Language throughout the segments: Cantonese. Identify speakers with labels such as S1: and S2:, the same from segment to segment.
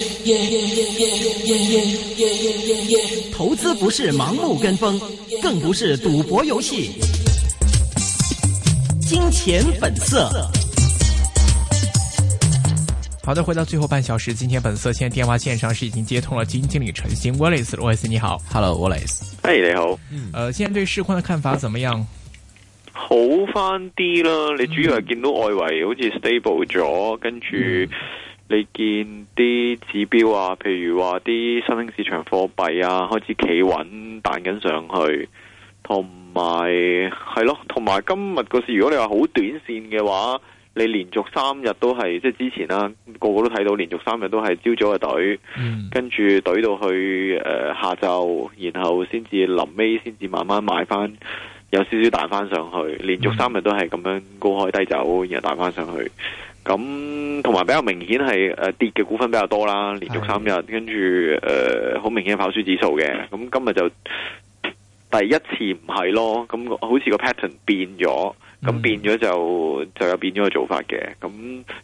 S1: Yeah yeah yeah yeah yeah yeah
S2: 投資不是盲目跟風，更不是賭博遊戲。金錢本色。
S3: 好的，回到最後半小時，金錢本色。現在電話線上是已經接通了，基金經理陳昕。Wallace，Wallace，你好。Hello，Wallace。
S2: Hey，你好。
S3: 嗯，呃，現在對市況的看法怎麼樣？
S2: 好翻啲啦，你主要係見到外圍好似 stable 咗，跟住，你見啲指標啊，譬如話啲新興市場貨幣啊，開始企穩彈緊上去，同埋係咯，同埋今日個市，如果你話好短線嘅話，你連續三日都係即係之前啦、啊，個個都睇到連續三日都係朝早嘅隊，嗯、跟住隊到去、呃、下晝，然後先至臨尾先至慢慢買翻，有少少彈翻上去，連續三日都係咁樣高開低走，然後彈翻上去。咁同埋比較明顯係誒跌嘅股份比較多啦，連續三日，的跟住誒好明顯跑輸指數嘅。咁今日就第一次唔係咯，咁好似個 pattern 變咗，咁變咗就、嗯、就有變咗個做法嘅。咁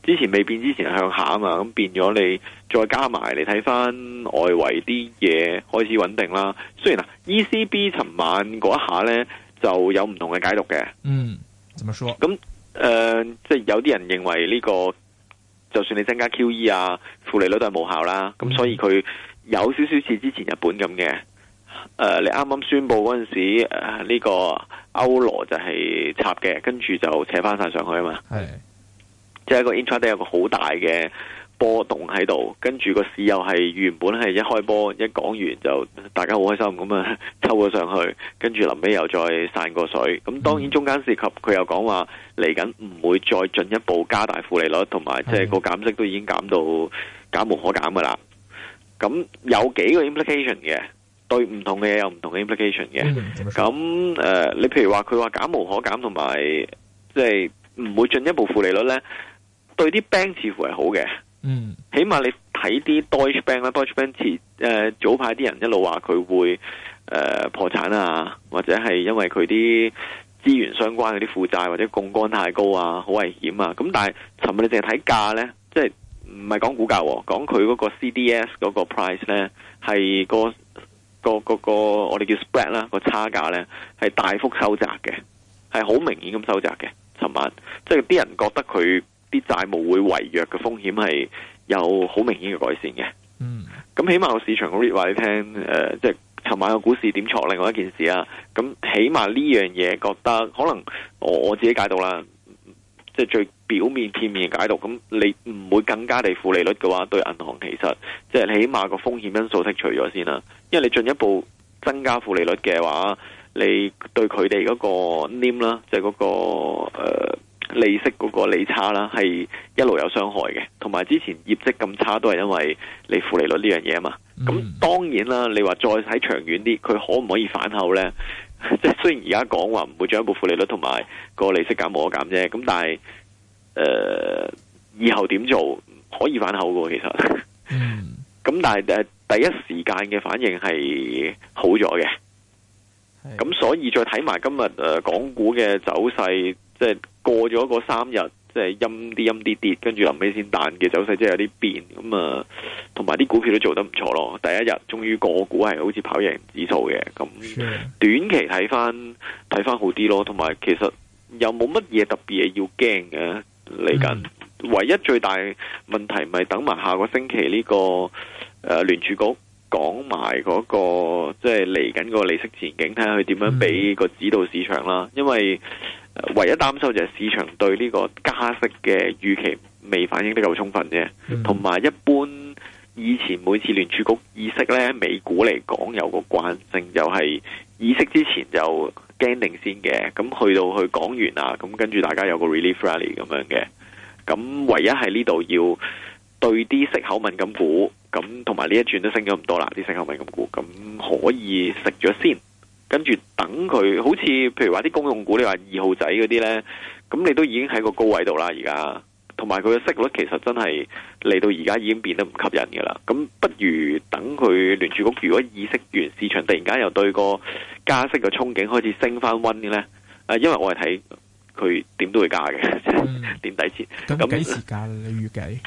S2: 之前未變之前向下啊嘛，咁變咗你再加埋嚟睇翻外圍啲嘢開始穩定啦。雖然啊，ECB 尋晚嗰一下咧就有唔同嘅解讀嘅。嗯，咁。誒、呃，即係有啲人認為呢個就算你增加 QE 啊，負利率都係無效啦，咁、嗯、所以佢有少少似之前日本咁嘅。誒、呃，你啱啱宣布嗰陣時，誒、呃、呢個歐羅就係插嘅，跟住就扯翻晒上去啊嘛，係的，即係一個 intraday 有個好大嘅。波動喺度，跟住個市又係原本係一開波一講完就大家好開心咁啊，抽咗上去，跟住臨尾又再散個水。咁當然中間涉及佢又講話嚟緊唔會再進一步加大負利率，同埋即係個減息都已經減到減無可減噶啦。咁有幾個 implication 嘅，對唔同嘅嘢有唔同嘅 implication 嘅。咁誒，你譬如話佢話減無可減，同埋即係唔會進一步負利率呢，對啲 bank 似乎係好嘅。嗯，起碼你睇啲 Deutsche Bank 啦，Deutsche Bank 似誒早排啲人一路話佢會誒破產啊，或者係因為佢啲資源相關嗰啲負債或者槓桿太高啊，好危險啊。咁、嗯、但係尋日你淨係睇價咧，即係唔係講股價咧，講佢嗰個 CDS 嗰個 price 咧，係、個、個個、個我哋叫 spread 啦、個差價咧係大幅收窄嘅，係好明顯咁收窄嘅。尋晚即係啲人覺得佢。啲債務會違約嘅風險係有好明顯嘅改善嘅，嗯，咁起碼個市場嗰啲話你聽，誒、呃，即係尋晚個股市點錯另外一件事啊，咁起碼呢樣嘢覺得可能我自己解讀啦，即、就、係、是、最表面片面嘅解讀，咁你唔會更加地負利率嘅話，對銀行其實即係、就是、起碼個風險因素剔除咗先啦，因為你進一步增加負利率嘅話，你對佢哋嗰個孭啦、那個，即係嗰個利息嗰個利差啦，係一路有傷害嘅，同埋之前業績咁差都係因為你負利，利率呢樣嘢啊嘛。咁、嗯、當然啦，你話再睇長遠啲，佢可唔可以反口呢？即 係雖然而家講話唔會進一步負利率，同埋個利息減冇得減啫。咁但係，誒、呃，以後點做可以反口嘅其實。咁、 嗯、但係第一時間嘅反應係好咗嘅。咁的所以再睇埋今日、呃、港股嘅走勢，即係。過咗嗰三日，即係陰啲、陰啲跌，跟住臨尾先彈嘅走勢，即係有啲變。咁啊，同埋啲股票都做得唔錯咯。第一日終於個股係好似跑贏指數嘅，咁 Sure. 短期睇翻睇翻好啲咯。同埋其實又冇乜嘢特別嘢要驚嘅嚟緊。Mm hmm. 唯一最大問題咪等埋下個星期呢、這個誒、呃、聯儲局講埋嗰、那個，即係嚟緊個利息前景，睇下佢點樣俾個指導市場啦。因為唯一擔心就係市場對呢個加息嘅預期未反應得夠充分啫，同埋、嗯、一般以前每次聯儲局議息呢，美股嚟講有個慣性，就係議息之前就驚定先嘅，咁去到佢講完啊，咁跟住大家有個 relief rally 咁樣嘅，咁唯一係呢度要對啲息口敏感股，咁同埋呢一轉都升咗咁多啦，啲息口敏感股，咁可以食咗先。跟住等佢，好似譬如話啲公用股，你話二號仔嗰啲咧，咁你都已經喺個高位度啦。而家，同埋佢嘅息率其實真係嚟到而家已經變得唔吸引嘅啦。咁不如等佢聯儲局如果議息完市場，突然間又對個加息嘅憧憬開始升翻溫嘅咧，啊，因為我係睇佢點都會加嘅，嗯、 點底錢纏。咁幾、嗯、時
S3: 間？你預計？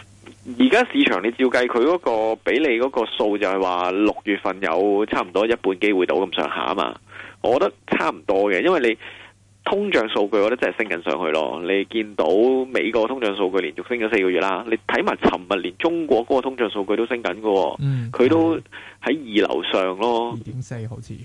S2: 而家市場，你照計佢嗰個俾你嗰個數，就係話六月份有差唔多一半機會到咁上下啊嘛。我覺得差唔多嘅，因為你通脹數據，我覺得真係升緊上去咯。你見到美國通脹數據連續升咗四個月啦，你睇埋尋日連中國個通脹數據都升緊㗎，佢都喺二樓上咯。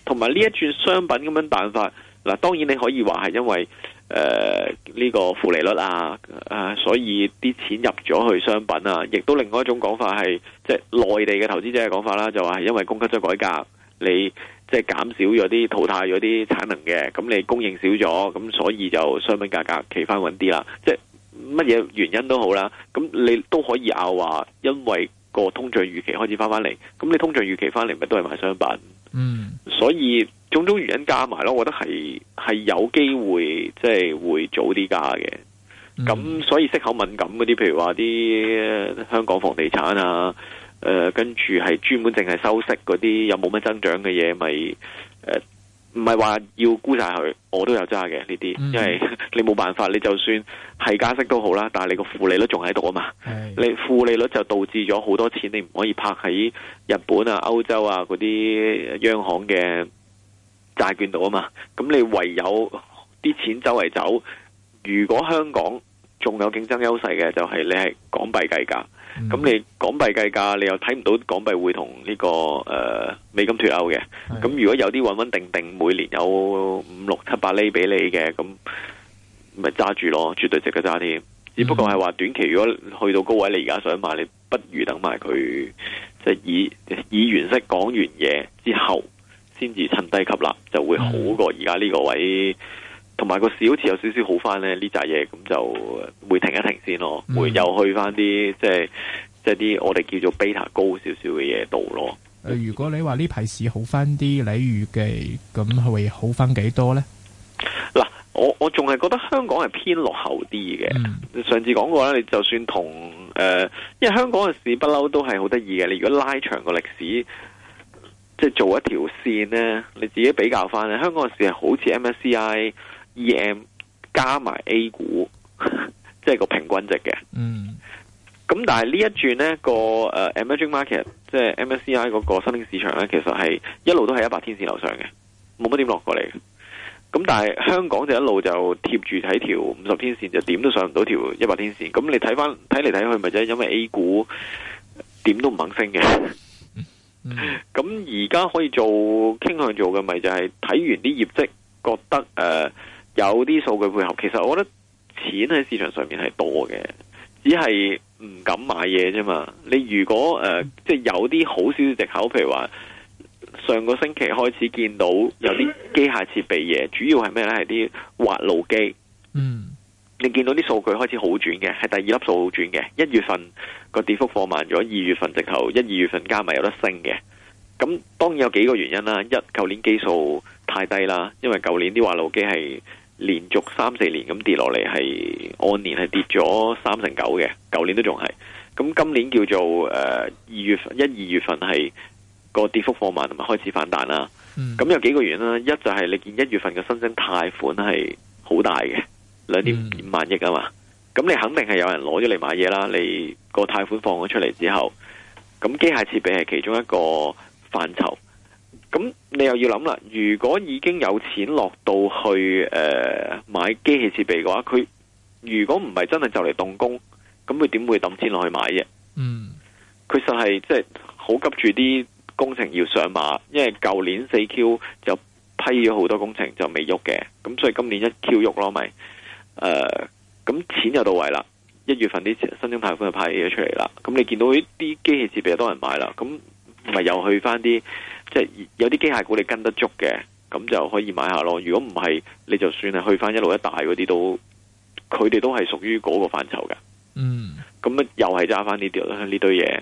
S2: 同埋呢一轉商品咁樣彈法，嗱當然你可以話係因為。誒，呢、呃這個負利率啊，啊、呃，所以啲錢入咗去商品啊，亦都另外一種講法係，即、就、係、是、內地嘅投資者嘅講法啦，就話係因為供給側改革，你即係、就是、減少咗啲淘汰咗啲產能嘅，咁你供應少咗，咁所以就商品價格企翻穩啲啦。即係乜嘢原因都好啦，咁你都可以拗話，因為個通脹預期開始翻翻嚟，咁你通脹預期翻嚟咪都係買商品。嗯，所以。種種原因加埋咯，我覺得係係有機會，即係會早啲加嘅。咁、嗯、所以息口敏感嗰啲，譬如話啲香港房地產啊，誒、呃，跟住係專門淨係收息嗰啲，有冇乜增長嘅嘢，咪、就、誒、是，唔係話要估晒佢，我都有揸嘅呢啲，嗯、因為你冇辦法，你就算係加息都好啦，但係你個負利率仲喺度啊嘛，的你負利率就導致咗好多錢你唔可以拍喺日本啊、歐洲啊嗰啲央行嘅。債券度啊嘛，咁你唯有啲錢周圍走。如果香港仲有競爭優勢嘅，就係你係港幣計價。咁你港幣計價，你又睇唔到港幣會同呢、這個誒、呃、美金脫歐嘅。咁的如果有啲穩穩定定，每年有五六七八厘俾你嘅，咁咪揸住咯，絕對值得揸添。只不過係話短期如果去到高位，你而家想買，你不如等埋佢即係以以原式講完嘢之後。先至趁低吸納，就會好過而家呢個位，同埋個市好似有少少好翻呢，呢扎嘢，咁就會停一停先咯，嗯、會又去翻啲即係即係啲我哋叫做 beta 高少少嘅嘢度咯、呃。
S3: 如果你話呢排市好翻啲，你預計咁會好翻幾多呢？
S2: 嗱，我我仲係覺得香港係偏落後啲嘅。嗯、上次講過咧，你就算同誒、呃，因為香港嘅市不嬲都係好得意嘅。你如果拉長個歷史。即係做一條線呢，你自己比較翻咧，香港市係好似 MSCI EM 加埋 A 股，即 係個平均值嘅。嗯。咁但係呢一轉呢個誒、uh, Emerging Market 即係 MSCI 嗰個新興市場呢，其實係一路都係一百天線樓上嘅，冇乜點落過嚟。咁但係香港就一路就貼住睇條五十天線，就點都上唔到條一百天線。咁你睇翻睇嚟睇去，咪就係因為 A 股點都唔肯升嘅。 咁而家可以做傾向做嘅咪就係睇完啲業績，覺得誒、呃、有啲數據配合，其實我覺得錢喺市場上面係多嘅，只係唔敢買嘢啫嘛。你如果誒即係有啲好少少藉口，譬如話上個星期開始見到有啲機械設備嘢，主要係咩咧？係啲滑路機，嗯。你見到啲數據開始好轉嘅，係第二粒數好轉嘅。一月份個跌幅放慢咗，二月份直頭一、二月份加埋有得升嘅。咁當然有幾個原因啦。一舊年基數太低啦，因為舊年啲話路機係連續三四年咁跌落嚟，係按年係跌咗三成九嘅。舊年都仲係。咁今年叫做誒、呃、二、二月份、一二月份係個跌幅放慢同埋開始反彈啦。咁、嗯、有幾個原因啦。一就係你見一月份嘅新增貸款係好大嘅。兩點五萬億啊嘛，咁你肯定係有人攞咗嚟買嘢啦。你個貸款放咗出嚟之後，咁機械設備係其中一個範疇。咁你又要諗啦，如果已經有錢落到去誒、呃、買機器設備嘅話，佢如果唔係真係就嚟動工，咁佢點會抌錢落去買啫？嗯，佢實係即係好急住啲工程要上馬，因為舊年四 Q 就批咗好多工程就未喐嘅，咁所以今年一 Q 喐咯咪。誒，咁、uh，錢又到位啦，一月份啲新增貸款又派咗出嚟啦，咁你見到呢啲機器設備多人買啦，咁咪又去翻啲，即係有啲機械股你跟得足嘅，咁就可以買下咯。如果唔係，你就算係去翻一路一帶嗰啲都，佢哋都係屬於嗰個範疇嘅。
S3: 嗯、
S2: mm.，咁又係揸翻呢啲呢堆嘢。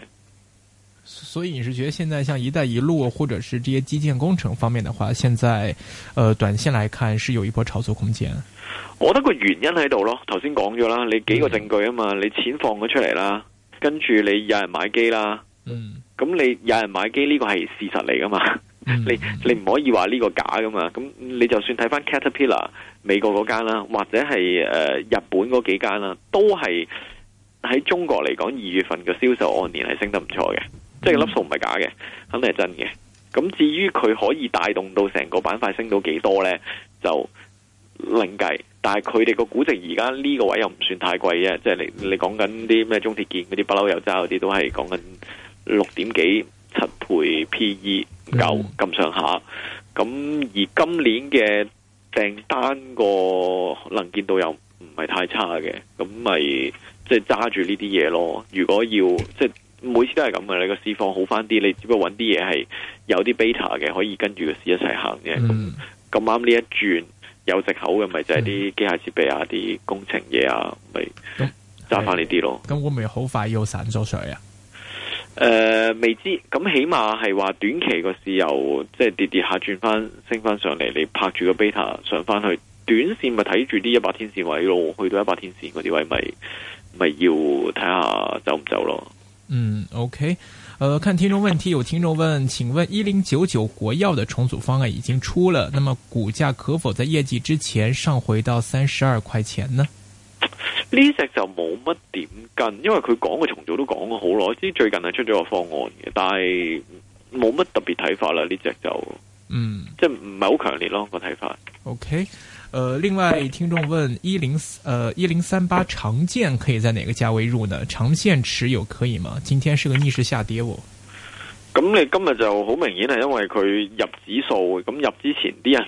S2: 所
S3: 以你是覺得現在像一帶一路或者是這些基建工程方面的話，現在，呃、短線來看是有一波炒作空間。
S2: 我覺得個原因喺度咯，頭先講咗啦，你幾個證據啊嘛，嗯、你錢放咗出嚟啦，跟住你有人買機啦，咁、嗯、你有人買機呢個係事實嚟噶嘛，嗯、 你你唔可以話呢個假噶嘛，咁你就算睇翻 Caterpillar 美國嗰間啦，或者係誒、呃、日本嗰幾間啦，都係喺中國嚟講二月份嘅銷售按年係升得唔錯嘅。嗯、即係粒數唔係假嘅，肯定係真嘅。咁至於佢可以帶動到成個板塊升到幾多呢？就另計。但係佢哋個估值而家呢個位又唔算太貴嘅，即係你你講緊啲咩中鐵建嗰啲不嬲有揸嗰啲，都係講緊六點幾七倍 PE 九咁上下。咁而今年嘅訂單個能見到又唔係太差嘅，咁咪即係揸住呢啲嘢咯。如果要即係。就是每次都係咁嘅，你個市況好翻啲，你只不過揾啲嘢係有啲 beta 嘅，可以跟住個市一齊行嘅。咁啱呢一轉有藉口嘅，咪就係啲機械設備啊，啲、嗯、工程嘢啊，咪揸翻呢啲咯。
S3: 咁會唔會好快要散咗水嚟啊？
S2: 誒、呃，未知咁，起碼係話短期個市由即係跌跌下轉翻升翻上嚟，你拍住個 beta 上翻去，短線咪睇住啲一百天線位咯。去到一百天線嗰啲位，咪咪要睇下走唔走咯。
S3: 嗯，OK，誒、呃，看聽眾問題，有聽眾問，請問一零九九國藥的重組方案已經出了，那麼股價可否在業績之前上回到三十二塊錢呢？
S2: 呢隻就冇乜點跟，因為佢講嘅重組都講咗好耐，我知最近係出咗個方案嘅，但係冇乜特別睇法啦，呢隻就，嗯，即係唔係好強烈咯個睇法
S3: ，OK。呃、另外聽眾問一零、呃，呃一零三八長線可以在哪個價位入呢？長線持有可以嗎？今天是個逆市下跌喎、
S2: 哦。咁你今日就好明顯係因為佢入指數，咁入之前啲人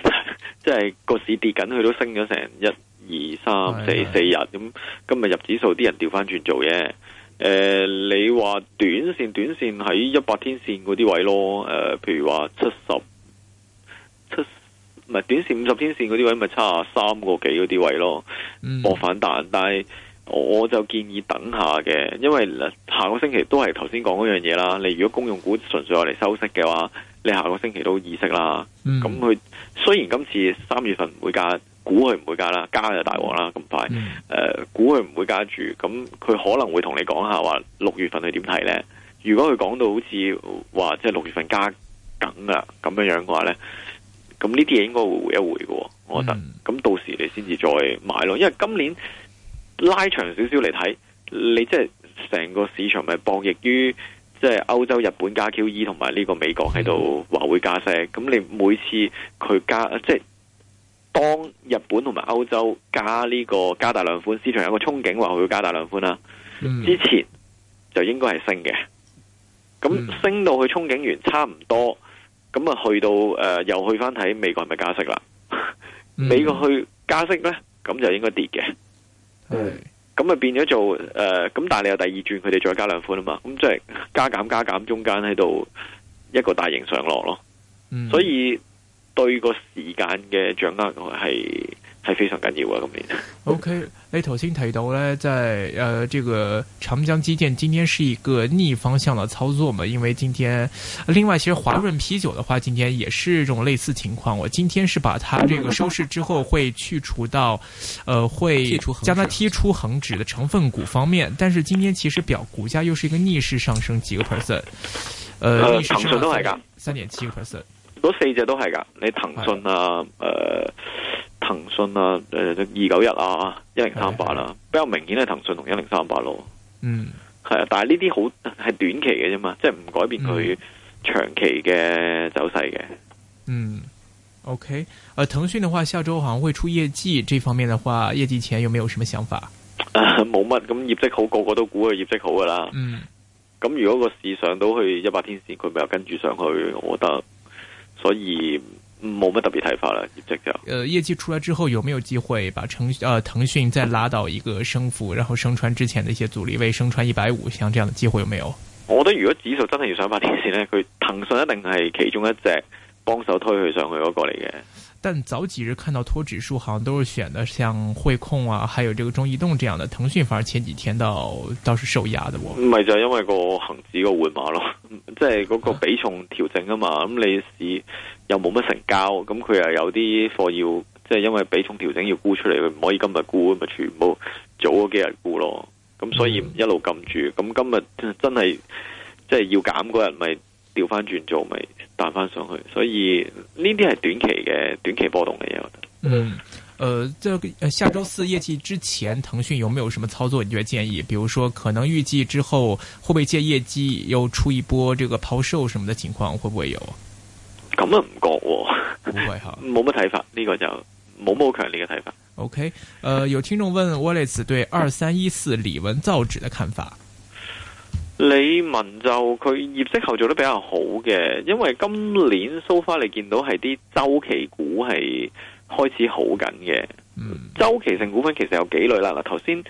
S2: 即係 個市跌緊，佢都升咗成一、二、三、四四日，咁今日入指數啲人調翻轉做嘢。誒、呃，你話短線短線喺一百天線嗰啲位咯，呃、譬如話七十。咪短線五十天線嗰啲位咪差三個幾嗰啲位咯，冇反彈。但係我就建議等下嘅，因為下個星期都係頭先講嗰樣嘢啦。你如果公用股純粹嚟收息嘅話，你下個星期都意識啦。咁佢、嗯、雖然今次三月份唔會加，估佢唔會加啦，加就大鑊啦咁快。誒、嗯，估佢唔會加住，咁佢可能會同你講下話六月份佢點睇咧？如果佢講到好似話即係六月份加緊啊咁樣樣嘅話咧。咁呢啲嘢應該會回一回嘅，我覺得。咁到時你先至再買咯，因為今年拉長少少嚟睇，你即係成個市場咪博弈於即係、就是、歐洲、日本加 QE 同埋呢個美國喺度話會加息。咁、嗯、你每次佢加，即、就、係、是、當日本同埋歐洲加呢、這個加大量寬，市場有個憧憬話佢會加大量寬啦。之前就應該係升嘅，咁升到去憧憬完差唔多。咁啊，去到誒、呃、又去翻睇美國係咪加息啦？ 美國去加息咧，咁就應該跌嘅。係的，咁啊變咗做誒，咁、呃、但係你又第二轉，佢哋再加兩款啊嘛。咁即係加減加減，中間喺度一個大型上落咯。 所以對個時間嘅掌握係。係非
S3: 常緊要啊！咁你，O.K.，你頭先提到呢，在呃這個長江基建今天是一個逆方向的操作嘛？因為今天，另外，其實華潤啤酒的話，今天也是種類似情況。我今天是把它這個收市之後會去除到，呃會將它剔出恒指的成分股方面。但是今天其實表股價又是一個逆勢上升幾個 percent，呃，呃逆勢，騰訊都係噶，
S2: 三點七個 percent，嗰四隻都係噶，你騰訊啊，呃。騰訊啊，誒、呃，二九一啊，一零三八啦，嗯、比較明顯係騰訊同一零三八咯。嗯，係啊，但係呢啲好係短期嘅啫嘛，即係唔改變佢長期嘅走勢嘅。嗯
S3: ，OK，誒，騰訊嘅話下周可能會出業績，這方面嘅話，業績前有冇有什麼想法？
S2: 冇乜、嗯、咁、啊、業績好，個個都估佢業績好噶啦。嗯，咁如果個市上到去一百天綫，佢咪又跟住上去？我覺得，所以。冇乜特別睇法啦，業績就。
S3: 誒、呃，業績出來之後，有冇有機會把騰誒騰訊再拉到一個升幅，然後升穿之前嘅一些阻力位，升穿一百五，像這樣嘅機會有沒有？
S2: 我覺得如果指數真係要想發電線咧，佢騰訊一定係其中一隻幫手推佢上去嗰個嚟嘅。
S3: 但早幾日看到拖指數，好像都是選的像匯控啊，還有這個中移動這樣的騰訊。騰訊反而前幾天到倒是受壓的。我
S2: 唔係就係因為個恒指個換碼咯，即係嗰個比重調整啊嘛。咁你市又冇乜成交，咁佢又有啲貨要，即、就、係、是、因為比重調整要沽出嚟，佢唔可以今日沽咪全部早嗰幾日沽咯。咁所以一路撳住，咁、嗯、今日真係即係要減嗰日咪。調翻轉做咪彈翻上去，所以呢啲係短期嘅短期波動嚟嘅。我覺得
S3: 嗯，誒、呃，即係下周四業績之前，騰訊有沒有什麼操作？你覺得建議？比如說可能預計之後，會不會借業績又出一波這個拋售什麼的情況？會不會有？
S2: 咁啊唔覺、哦，冇乜睇法。呢，這個就冇乜好強烈嘅睇法。
S3: OK，誒、呃，有聽眾問 Wallace 對二三一四理文造紙嘅看法。
S2: 李文，就佢業績後做得比較好嘅，因為今年 so far 你見到係啲周期股係開始好緊嘅。周、嗯、期性股份其實有幾類啦，嗱，頭先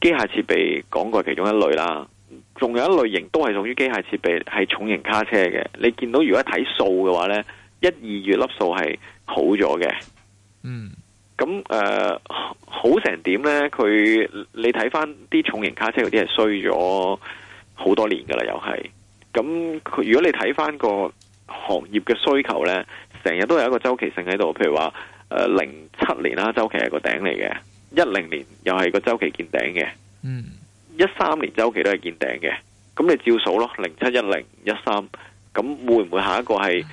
S2: 機械設備講過其中一類啦，仲有一類型都係屬於機械設備，係重型卡車嘅。你見到如果睇數嘅話呢，一二月粒數係好咗嘅。嗯，咁誒、uh, 好成點呢？佢你睇翻啲重型卡車嗰啲係衰咗。好多年噶啦，又係咁。如果你睇翻個行業嘅需求呢，成日都有一個周期性喺度。譬如話誒零七年啦，周期係個頂嚟嘅；一零年又係個周期見頂嘅。嗯，一三年周期都係見頂嘅。咁你照數咯，零七、一零、一三，咁會唔會下一個係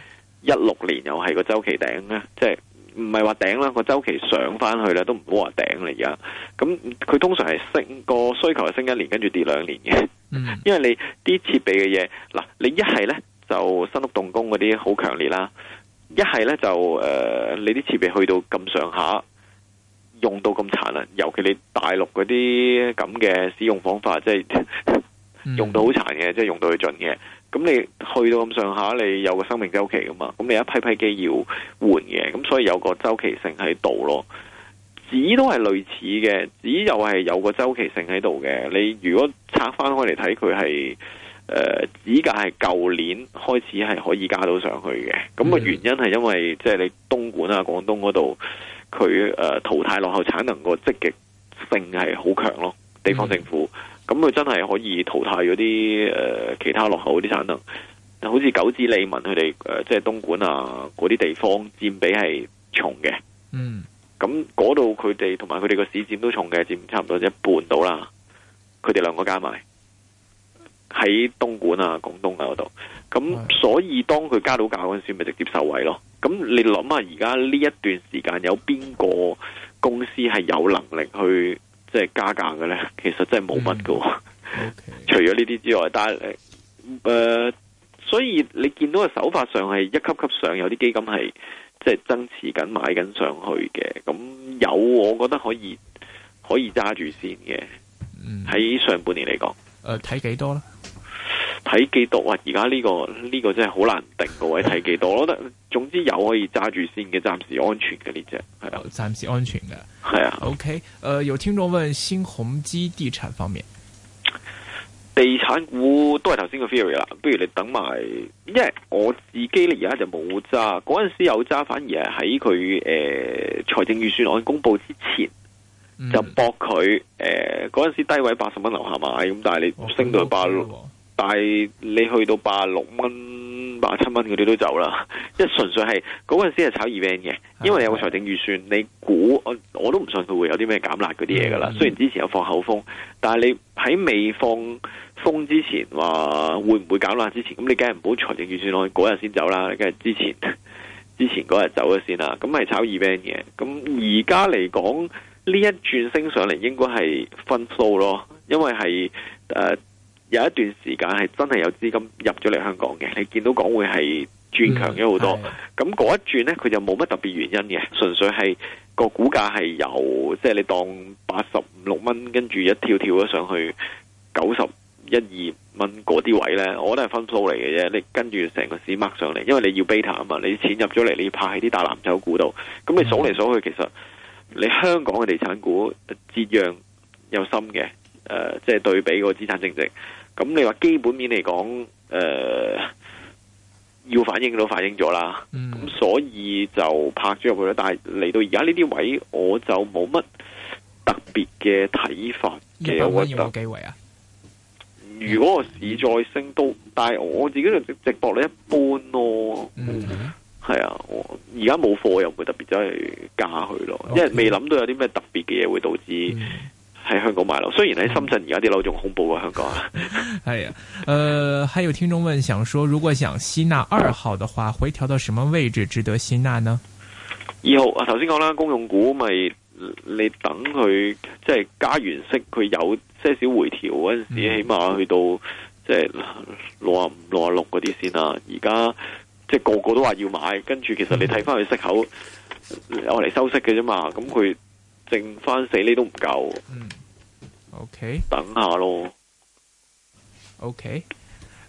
S2: 一六年又係個周期頂呢？即係唔係話頂啦，個周期上翻去咧都唔好話頂啦。而家咁佢通常係升，個需求係升一年，跟住跌兩年嘅。因為你啲設備嘅嘢，嗱，你一係咧就新屋動工嗰啲好強烈啦，一係咧就誒、呃，你啲設備去到咁上下，用到咁殘啦，尤其你大陸嗰啲咁嘅使用方法，即係用到好殘嘅， 即係用到去盡嘅，咁你去到咁上下，你有個生命周期噶嘛，咁你一批批機要換嘅，咁所以有個周期性喺度咯。紙都係類似嘅，紙又係有個周期性喺度嘅。你如果拆翻開嚟睇，佢係誒紙價係舊年開始係可以加到上去嘅。咁個、嗯、原因係因為即係你東莞啊、廣東嗰度，佢誒、呃、淘汰落後產能個積極性係好強咯。地方政府咁佢、嗯、真係可以淘汰嗰啲誒其他落後嗰啲產能，好似玖紙理文佢哋誒即係東莞啊嗰啲地方佔比係重嘅，嗯。咁嗰度佢哋同埋佢哋個市佔都重嘅，佔差唔多一半到啦。佢哋兩個加埋喺東莞啊、廣東啊嗰度。咁、嗯、所以當佢加到價嗰陣時，咪直接受惠咯。咁你諗下而家呢一段時間有邊個公司係有能力去即係加價嘅呢？其實真係冇乜㗎。嗯 okay. 除咗呢啲之外，但係誒、呃，所以你見到嘅手法上係一級級上有啲基金係。即係增持緊買緊上去嘅，咁有我覺得可以可以揸住先嘅。喺、嗯、上半年嚟講，
S3: 誒、呃，睇幾多咧？
S2: 睇幾多？哇、這個！而家呢個呢個真係好難定個位，睇幾、嗯、多？我覺得總之有可以揸住先嘅，暫時安全嘅呢隻係啊，
S3: 暫時安全嘅係啊。OK，誒、呃，有聽眾問新鴻基地產方面。
S2: 地產股都係頭先嘅 theory 啦，不如你等埋，因為我自己咧而家就冇揸，嗰陣時有揸，反而係喺佢誒財政預算案公布之前、嗯、就博佢誒嗰陣時低位八十蚊樓下買，咁但係你升到八、哦，okay, 但係你去到八六蚊、八七蚊嗰啲都走啦，即係純粹係嗰陣時係炒 event 嘅，因為有個財政預算，你估我我都唔信佢會有啲咩減辣嗰啲嘢噶啦，嗯嗯、雖然之前有放口風，但係你喺未放。封之前話會唔會搞爛？之前咁你梗係唔好財政預算案嗰日先走啦，你梗係之前之前嗰日走咗先啦。咁係炒二倍嘅。咁而家嚟講呢一轉升上嚟，應該係分數咯，因為係誒、呃、有一段時間係真係有資金入咗嚟香港嘅。你見到港匯係轉強咗好多。咁嗰一轉呢，佢就冇乜特別原因嘅，純粹係個股價係由即係你當八十五六蚊，跟住一跳跳咗上去九十。一二蚊嗰啲位呢，我都係分數嚟嘅啫。你跟住成個市掹上嚟，因為你要 beta 啊嘛，你錢入咗嚟，你要拍喺啲大藍籌股度。咁你數嚟數去，其實你香港嘅地產股折讓又深嘅。誒、呃，即係對比個資產正值。咁你話基本面嚟講，誒、呃、要反映都反映咗啦。咁、嗯、所以就拍咗入去啦。但係嚟到而家呢啲位，我就冇乜特別嘅睇法嘅。我
S3: 覺得、啊。
S2: 如果個市再升都，但係我自己嘅直播咧一般咯，係、mm hmm. 啊，我而家冇貨又唔會特別走去加佢咯，Okay. 因為未諗到有啲咩特別嘅嘢會導致喺香港買樓。雖然喺深圳而家啲樓仲恐怖過香港，
S3: 係啊。誒，還有聽眾問，想說如果想吸納二號的話，回調到什麼位置值得吸納呢？
S2: 二號啊，頭先講啦，公用股咪、就是。你等佢即係加完息，佢有些少回調嗰陣時，起碼去到即係六啊五、六啊六嗰啲先啦。而家即係個個都話要買，跟住其實你睇翻佢息口，我嚟、嗯、收息嘅啫嘛。咁佢剩翻死呢都唔夠。嗯、
S3: OK，
S2: 等下咯。
S3: OK，誒、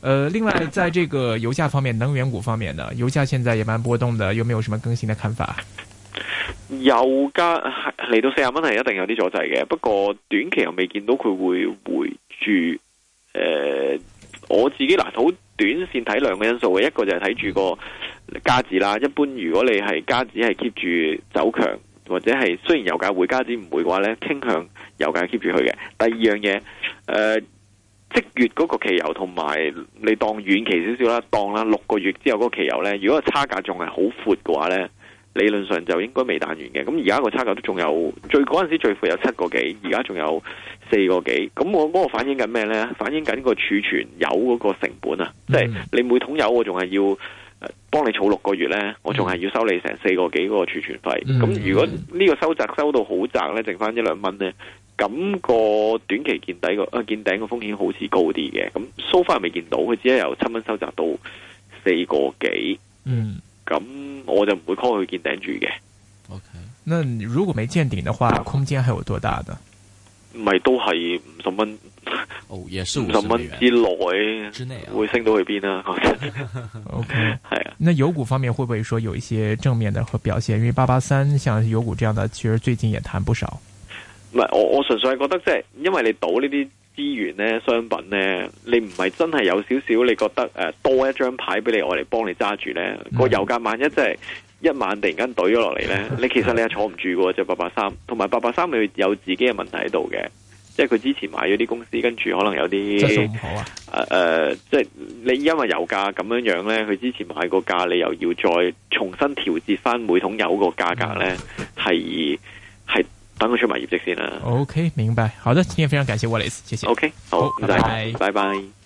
S3: 呃，另外，在這個油價方面，能源股方面呢，油價現在也蠻波動的，有冇有什麼更新的看法？
S2: 油價嚟到四十蚊係一定有啲阻滯嘅，不過短期又未見到佢會回住。誒、呃，我自己嗱好短線睇兩個因素嘅，一個就係睇住個加字啦。一般如果你係加字係 keep 住走強，或者係雖然油價會加字唔會嘅話呢，傾向油價 keep 住佢嘅。第二樣嘢，誒、呃，即月嗰個期油同埋你當遠期少少啦，當啦六個月之後嗰個期油呢，如果個差價仲係好闊嘅話呢。理論上就應該未彈完嘅，咁而家個差價都仲有最嗰陣時最闊有七個幾，而家仲有四個幾。咁我嗰個反映緊咩呢？反映緊個儲存油嗰個成本啊！嗯、即係你每桶油我仲係要、呃、幫你儲六個月呢，我仲係要收你成四個幾個儲存費。咁、嗯、如果呢個收窄收到好窄呢，剩翻一兩蚊呢，咁、那個短期見底個啊見頂個風險好似高啲嘅。咁 so far 未見到，佢只係由七蚊收窄到四個幾。嗯。咁我就唔會 call 佢見頂住嘅。
S3: OK，那如果沒見頂的話，空間還有多大呢？
S2: 唔係都係五十蚊，哦，也是五十蚊之內之內，會升到去邊啊
S1: ？OK，
S3: 係啊。 okay. 那油股方面會不會說有一些正面的和表現？因為八八三像油股這樣的，其實最近也談不少。
S2: 唔係，我我純粹係覺得即係，因為你賭呢啲。資源咧、商品咧，你唔係真係有少少，你覺得誒、呃、多一張牌俾你，幫你，我嚟幫你揸住咧。個油價萬一真係一晚突然間懟咗落嚟咧，你其實你係坐唔住嘅，就八八三，同埋八八三你有自己嘅問題喺度嘅，即係佢之前買咗啲公司，跟住可能有啲誒誒，即係你因為油價咁樣樣咧，佢之前買個價，你又要再重新調節翻，每桶油個價格咧，係係、嗯。等
S3: 佢出埋業績先啦，啊。OK，明白。好的，今天非常感謝 Wallace，謝謝。OK，好，好拜拜，拜拜。拜
S2: 拜。